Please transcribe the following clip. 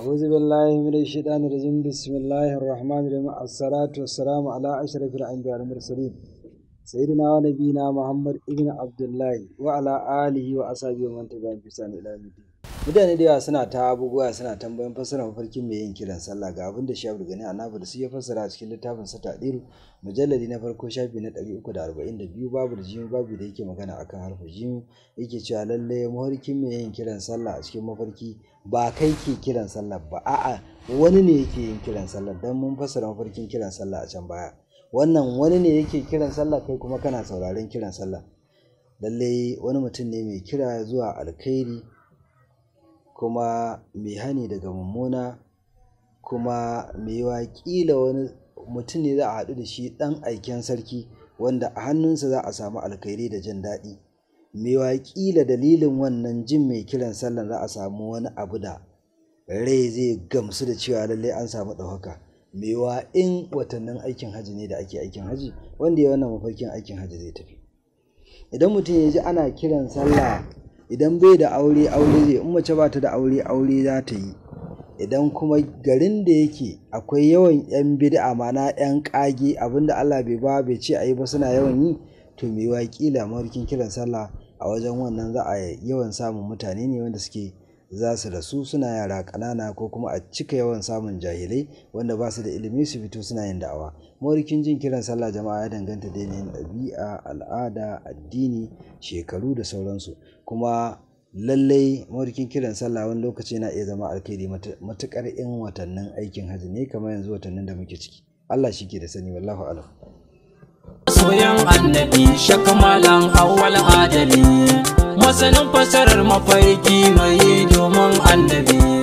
أعوذ بالله من الشيطان الرجيم بسم الله الرحمن الرحيم الصلاة والسلام على أشرف الأنبياء والمرسلين سيدنا ونبينا محمد ابن عبد الله وعلى آله وأصحابه ومن تبعهم بإحسان إلى يوم الدين mutane da yawa suna ta abubuwa suna tambayan fassara mafarkin mai yin kiran sallah ga abin da shehu gani da su ya fassara a cikin littafin sa tadiru mujalladi na farko shafi na 342 babu da jimi babu da yake magana akan harfa jimi yake cewa lalle mafarkin mai yin kiran sallah a cikin mafarki ba kai ke kiran sallah ba a'a wani ne yake yin kiran sallah dan mun fassara mafarkin kiran sallah a can baya wannan wani ne yake kiran sallah kai kuma kana sauraron kiran sallah lallai wani mutum ne mai kira zuwa alkhairi kuma mai hani daga mummuna kuma mai yiwuwa wani mutum ne za a haɗu da shi ɗan aiken sarki wanda a hannunsa za a samu alkhairi da jin daɗi mai yiwuwa dalilin wannan jin mai kiran sallan za a samu wani abu da rai zai gamsu da cewa lallai an samu ɗaukaka mai in watannin aikin hajji ne da ake aikin hajji wanda ya wannan mafarkin aikin hajji zai tafi idan mutum ya ji ana kiran sallah idan bai da aure aure zai in mace ba ta da aure aure za ta yi idan kuma garin da yake akwai yawan yan bid'a mana yan kage abinda Allah bai ba bai ce ayi ba suna yawan yi to me wa kila mawarkin kiran sallah a wajen wannan za a yawan samun mutane ne wanda suke za su rasu suna yara kanana ko kuma a cika yawan samun jahilai wanda ba su da ilimi su fito suna yin da'awa morikin jin kiran sallah jama'a ya danganta da yanayin ɗabi'a al'ada addini shekaru da sauransu kuma lallai maurikin kiran sallah wani lokaci na iya zama alkhairi matukar in watannin aikin hajji ne kamar yanzu watannin da muke ciki Allah shi ke da sani wallahu alam soyan annabi shakamalan awwal adali masanin fasarar mafarki mai domin annabi